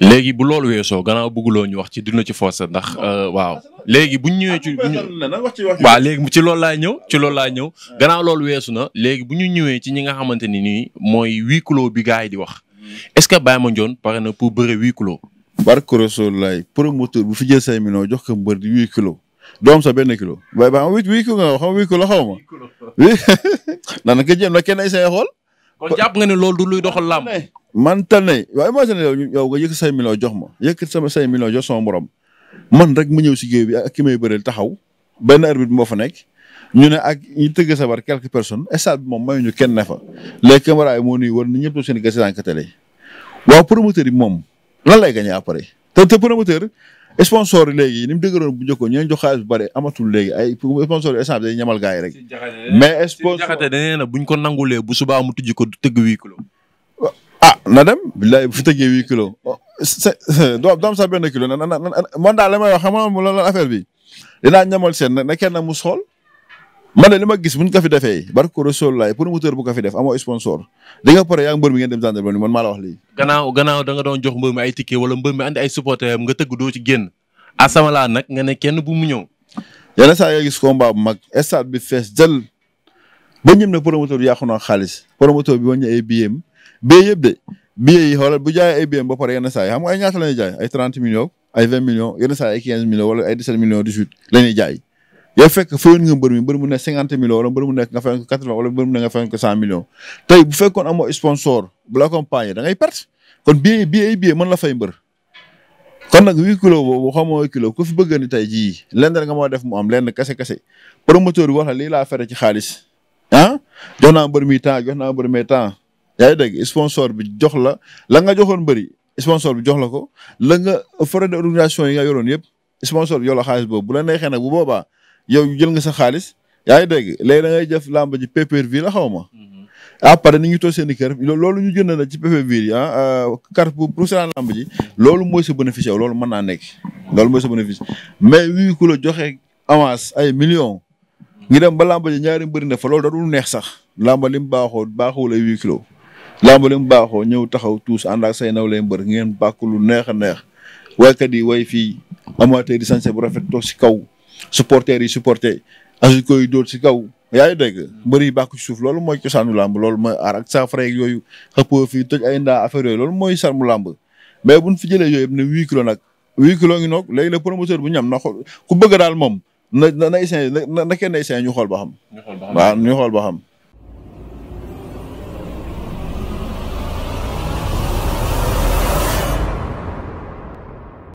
léegi bu loolu weesoo gannaaw bëgguloo ñu wax ci dina ci force ndax euh, waaw ah, léegi bu ñu ñëwee ah, ci waaw léegi ci loolu laa ñëw ci loolu laa ñëw ah. gannaaw loolu weesu na léegi bu ñu ñëwee ci ñi nga xamante ni nii mooy huis clos bi gars yi di wax hmm. est-ce que Baye Mandione pare na pour bëre huis clos barke Rasulullaay promoteur bu fi jël say millions jox ko mbër di huis clos doo am benn kilo waaye ba xam huis clos nga xam huis clos xaw ma daanaka jëm na kenn say xool kon jàpp nga ne loolu du luy doxal làmb. man tane waaye imagine yow yow nga yëkkat say milo jox ma yëkk sama say milo jox sama morom man rek mu ñëw si géew bi ak ki may bëreel taxaw benn arbitre moo fa nekk ñu ne ak ñu tëgg sabar quelques personnes stade bi moom ñu kenn ne fa les caméras yi moo nuy war ni ñëpp seen gëstu daan ko télé waaw promoteur moom lan lay gagné après te te promoteur sponsor yi léegi ni mu dëgëroon bu njëkkoon ñu jox xaalis bu bëri amatul léegi ay sponsor yi échange day ñamal gars rek. mais sponsor jaxate dañu ne bu ñu ko nangulee bu subaa mu tijji ko tëgg huit ah na dem billaay bu fi tëggee huit kilos oh, doo am sax benn kilo na na man daal la may wax xam nga lan affaire bi dinaa ñamal seen na kenn mu sool man de li ma gis defee barke ko Rasulullah promoteur bu ko fi def amoo sponsor di nga pare yaa ngi mbër mi ngeen dem gendarmerie ni man maa wax lii gannaaw gannaaw doon jox mbër mi ay ticket wala mbër mi andi ay supporter am nga doo ci génn asamalaa nag nga ne kenn bu mu ñëw yenn saa nga gis combat bu mag stade bi fees jël ba ñëm ne promoteur bi yàqu na xaalis promoteur bi wàññi ay billet am de billet yi xoolal bu jaayee ay ba pare yenn saa ay ñaata la ñuy jaay ay 30 millions ay jaay yow fek fayoon nga mbër mi mbër mu nekk cinquante millions wala mbër mu nekk nga fayoon ko quatre vingt wala mbër mu nekk nga fayoon ko cent millions tey bu fekkoon amoo sponsor bu la accompagner da ngay perte kon billet billet billet mën la fay mbër kon nag huit kilo boobu xamoo kilo ku fi bëgg ni tey jii lenn rek nga moo def mu am lenn kese kese promoteur bi wax la lii laa fere ci xaalis ah jox naa mbër mi temps jox naa mbër mi temps yaa ngi dégg sponsor bi jox la la nga joxoon mbëri sponsor bi jox la ko la nga frais d'organisation yi nga yoroon yëpp sponsor bi jox xaalis boobu bu la neexee nag bu boobaa yow jël nga sa xaalis yaa ngi dégg léegi da ngay def làmb ji pay per la xaw ma. après ni ñu toog seen i kër loolu ñu jënd na ci pay-per-view yi ah euh, carte pour seen làmb ji. Mhm. loolu mooy sa bénéfice yow loolu mën naa nekk. loolu moy sa bénéfice mais wi ku la joxe avance ay millions. Mhm. ngi dem ba làmb ji ñaari mbëri fo fa loolu dadul neex sax làmb li mu baaxoo baaxul ay huit kilos làmb li mu baaxoo ñëw taxaw tuus ànd ak say naw lay mbër ngeen bàkk lu neex a neex waykat yi way fii amateur di sañse bu rafet si kaw supporters yi supporter asu koy dóor si kaw yaa ngi dégg mbër yi bàkku suuf loolu mooy cosaanu làmb loolu mooy aar ak saafara yeeg yooyu xëppoo fii toj ay ndaa affaire loolu mooy sarmu làmb mais buñ fi jëlee yooyu yëpp ne huit kilos nag huit kilos ngi noog léegi le promoteur bu ñam na ku bëgg daal moom na na na na kenn na ñu xool ba xam waaw ñu xool ba xam